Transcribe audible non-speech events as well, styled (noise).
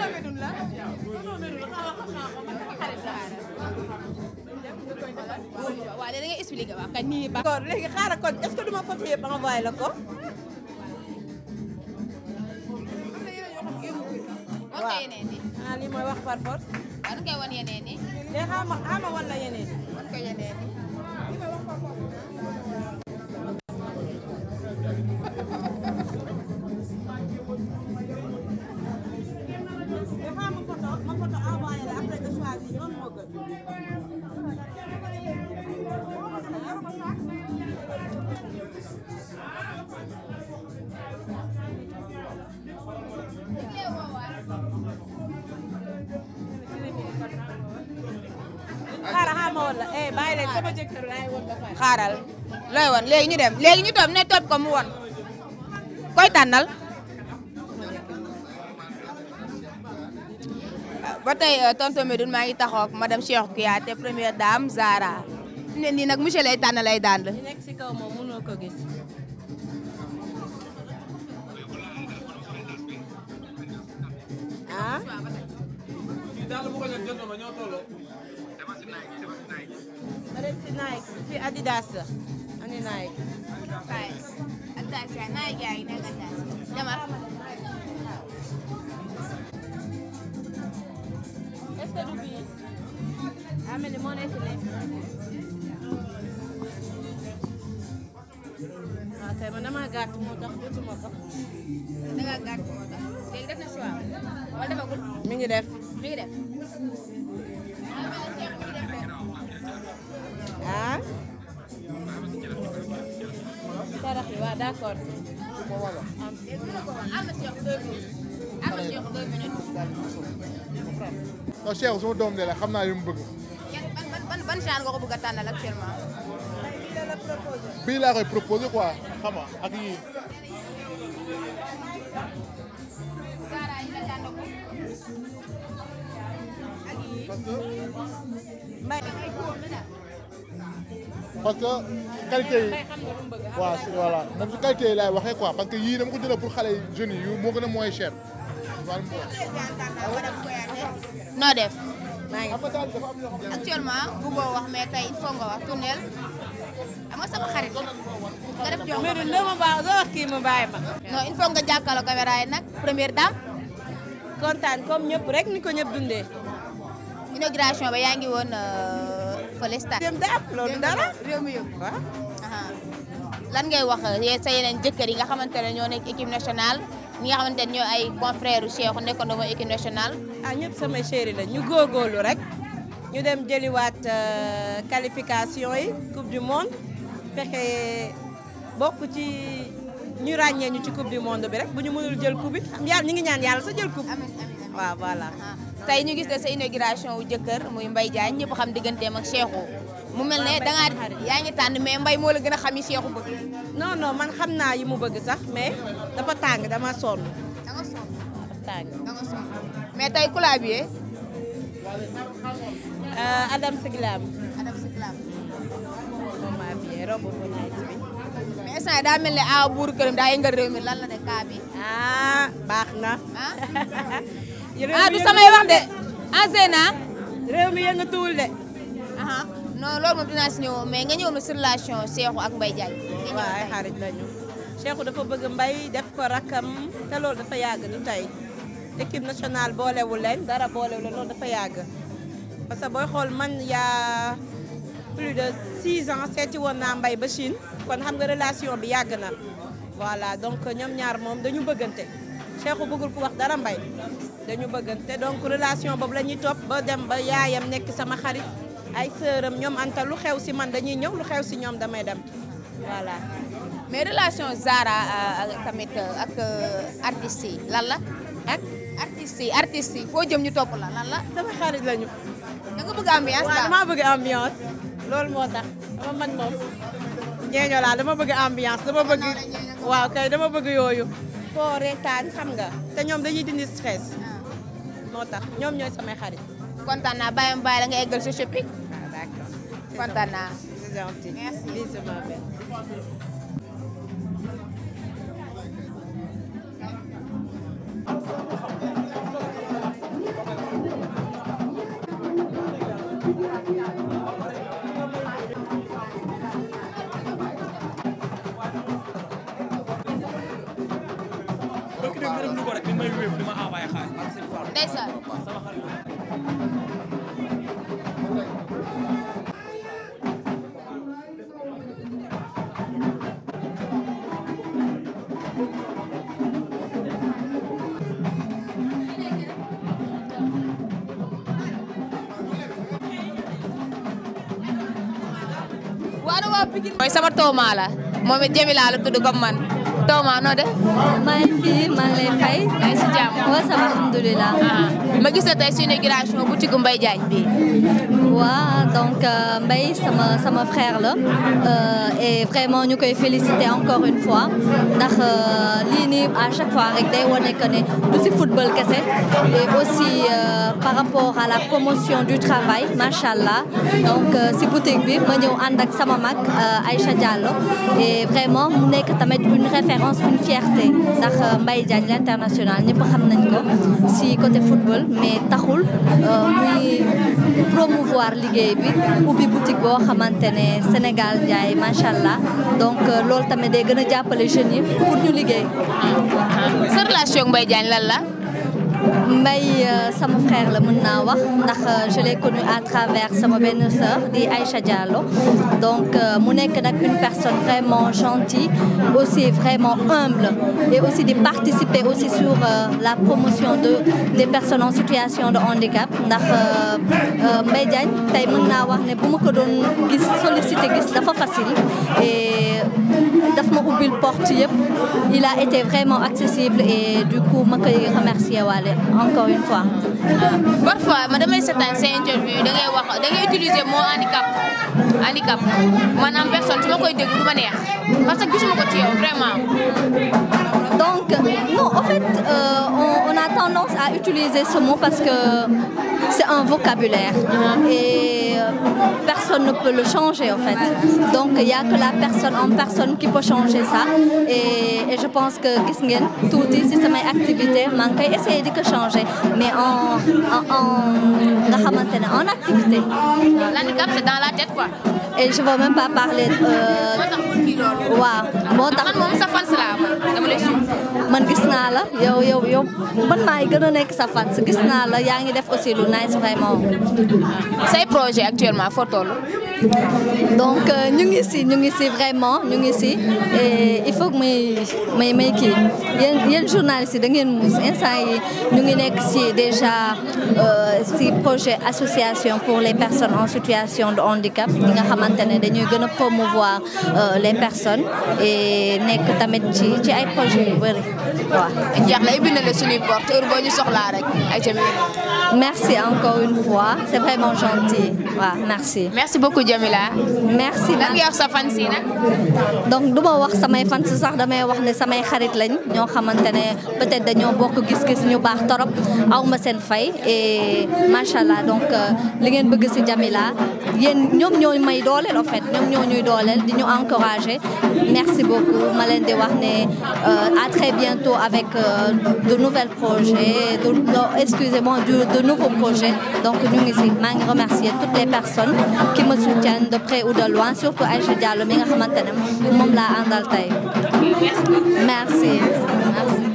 waaw léegi da ngay expliqué waaw kañ. d'accord léegi xaaral kon est-ce que du ma photo yëpp envoyé la ko. waaw ah lii mooy wax par force. waaw du koy wan yeneen yi. mais xaaral ma xaaral ma wan la yeneen yi. xamoon la eh bàyyi leen sama jëkkër laay woon dafa xaaral looy woon léegi ñu dem léegi ñu toog ne toog ko mu woon koy tànnal ba tey euh, tonton Medoune maa ngi taxaw ak madame Cheikh Kouyaté première nag monsieur lay tànn lay nekk si kaw moom mënoo ko gis. Ah? Nike fi Adidas ani Nike Adidas Adidas ya Nike ya ina Adidas dama est-ce que du bi amel moo nekk waaw kay man dama gàtt moo tax jotuma ko da nga gàtt moo tax léegi def na choix wala defagul mi ngi def mi ngi def d'accord non Cheikh suma doom de la xam naa li mu ban ban genre nga ko bëgg a tànnal actuellement. bii laa koy proposé quoi xam nga ak yii. parce qualité yi waaw voilà même si qualité yi laay waxee quoi parce que yii dama ko jëlee pour xale jeunes yi moo gën a moins cher. noo def. maa ngi actuellement bëggoo wax mais tey il faut nga wax tournel am nga sama xarit nga def jox ma. mais ma baax doo wax kii ma bàyyi ma. non il faut nga jàkkaarloo caméra yi nag première dame. kontaan comme ñëpp rek ni ko ñëpp dundee. inauguration ba yaa ngi woon. Euh, fële stade. dem da loolu dara réew lan ngay wax sa yeneen jëkkër yi nga xamante ne ñoo nekk équipe nationale ñi nga xamante ne ñoo ay confrères yu Cheikh nekkoon mooy équipe nationale. ah ñëpp samay chéri la ñu góorgóorlu rek ñu dem jëliwaat euh, qualification yi coupe du monde fexe bokk ci ñu ràññee ñu ci coupe du monde bi rek bu ñu mënul jël coupe bi yàlla ñu ngi ñaan yàlla sa jël coupe. waaw voilà tey ñu gis ne sa inauguration wu jëkkër muy Mbaye Diagne ñëpp xam digganteem ak Cheikhou mu mel ne da ngaa yaa ngi tànn mais Mbaye moo la gën a xam yi bëgg non non man xam naa yi mu bëgg sax mais dafa tàng dama sonn da nga sonn tàng da euh, Adam Siglam Adam Siglam ma bien romb ko naaj bi mais instant daa mel ne a buur këram daa yëngal réew mi lan la ah, baax na ah. (laughs) ah du samay wax de Azena. Ah, réew mi yëngatuwul de. non loolu moom dinaa si ñëw mais nga ñëw na si relation Cheikhou ak Mbaye Diagne. waaw ay xarit lañu. Cheikhou dafa bëgg Mbaye def ko rakam te loolu dafa yàgg du tey équipe nationale boolewul dara boole leen loolu dafa yàgg parce que booy xool man yaa plus de 6 ans seeti woon naa mbay ba Chine kon xam nga relation bi yàgg na voilà donc ñoom ñaar moom dañu bëggante Cheikhou bëggul ku wax dara Mbaye dañu bëggante donc relation boobu la ñuy topp ba dem ba yaayam nekk sama xarit ay sëram ñoom Anta lu xew si man dañuy ñëw lu xew si ñoom damay dem voilà. mais relation Zara euh, tamit euh, ak euh, artistes yi lan la ak. artistes yi artistes yi foo jëm ñu topp la la. sama xarit lañu. da nga bëgg ambiance bëgg ambiance. loolu moo tax dama man moom. ñeeño laa dama bëgg ambiance dama bëgg. waaw dama bëgg yooyu. foo reetaan xam nga te ñoom dañuy dindi stress. moo tax ñoom ñooy samay xarit. kontaan naa bàyyi ma bàyyi la nga eggal sa shopping. ah d'accord kontaan naa. c'est ma belle. ndeysaan mooy sama tooma la moom it Jamila la tudd comme man Toma noo def. maa ngi fi maa ngi lay fay. maa ngi si jàmm. waaw ça ma gis na tey suñu inauguration boutique Mbaye bi Awa donc euh, Mbaye sama sama frère la euh, et vraiment ñu koy féliciter encore une fois ndax euh, lii nii à chaque fois rek day wane que ne du ci football kese et aussi par rapport à la macha allah donc ci boutique bi ma ñëw ànd ak sama mag Aïcha Diallo et vraiment mu nekk tamit une référence une fierté ndax Mbaye Diagne l'international ñëpp xam na ko ci côté football mais taxul muy promouvoir. démarre liggéey bi ubbi boutique boo xamante ne Sénégal Ndiaye macha allah donc euh, loolu tamit day gën a jàppale jeunes yi pour ñu liggéey. sa relation Mbaye Diagne lan Mbaye euh, sama frère la mën naa wax ndax euh, je l'ai connu à di Aïcha Diallo donc euh, mu nekk nag une personne gentille aussi humble et aussi di participer aussi sur la promotion des personnes en situation de handicap ndax Mbaye Diagne tey mën ne bu ma ko doon gis sollicité gis dafa facile et daf ma ubbil porte il a été vraiment accessible et du coup ma koy remercier waale dem encore une fois. parfois ma damay seetaan sa interview da ngay wax da ngay utiliser mot handicap handicap maanaam personne su ma koy déglu du ma neex parce que gisuma ko ci yow vraiment. donc non en fait euh, on, a tendance à utiliser ce mot parce que c'est un vocabulaire. Ah. Euh, personne ne peut le changer en fait. Donc il n'y a que la personne en personne qui peut changer ça. Et, et je pense que gis ngeen tuuti si samay activité maa ngi koy essayer di ko changer mais en en en nga xamante ne en activité. L'handicap c'est dans la tête quoi. et je veux même pas parler. Euh, waaw moo tax man moom sa fans laa dama lay suuf. man gis naa la yow yow yow man maay gën a nekk sa fans gis naa la yaa ngi def aussi lu nice vraiment. say projet actuellement foo toll. donc euh, ñu ngi si ñu ngi si vraiment ñu ngi si et il faut que may may may kii yéen yéen journalistes yi da ngeen muus instant yi ñu ngi nekk si déjà euh, si projet association pour les personnes en situation de handicap ñi nga xam xamante ne dañuy gën a promouvoir euh, les personnes nekk tamit ci ci ay projets yu bëri waaw. jeex na ubbi na la suñuy porte ñu soxlaa rek ay tamit. merci encore une fois c'est vraiment gentil. waaw merci. merci beaucoup Jamila. merci lan nga wax sa fans yi nag. donc du ma wax samay fans sax damay wax ne samay xarit lañ ñoo xamante ne peut-être dañoo bokk gis-gis ñu baax torop aw ma seen fay et macha allah donc euh, li ngeen bëgg si Jamila yéen ñoom ñoo may dooleel en fait ñoom ñoo ñuy dooleel di ñu encourager merci beaucoup ma leen di wax ne euh, à très bientôt avec euh, de nouvelles projets de excusez-moi de nouveaux projets donc ñu ngi si maa ngi remercier toutes les personnes qui me soutiennent de près ou de loin surtout Aïcha Diallo mi nga xamante moom laa àndal tey merci. merci.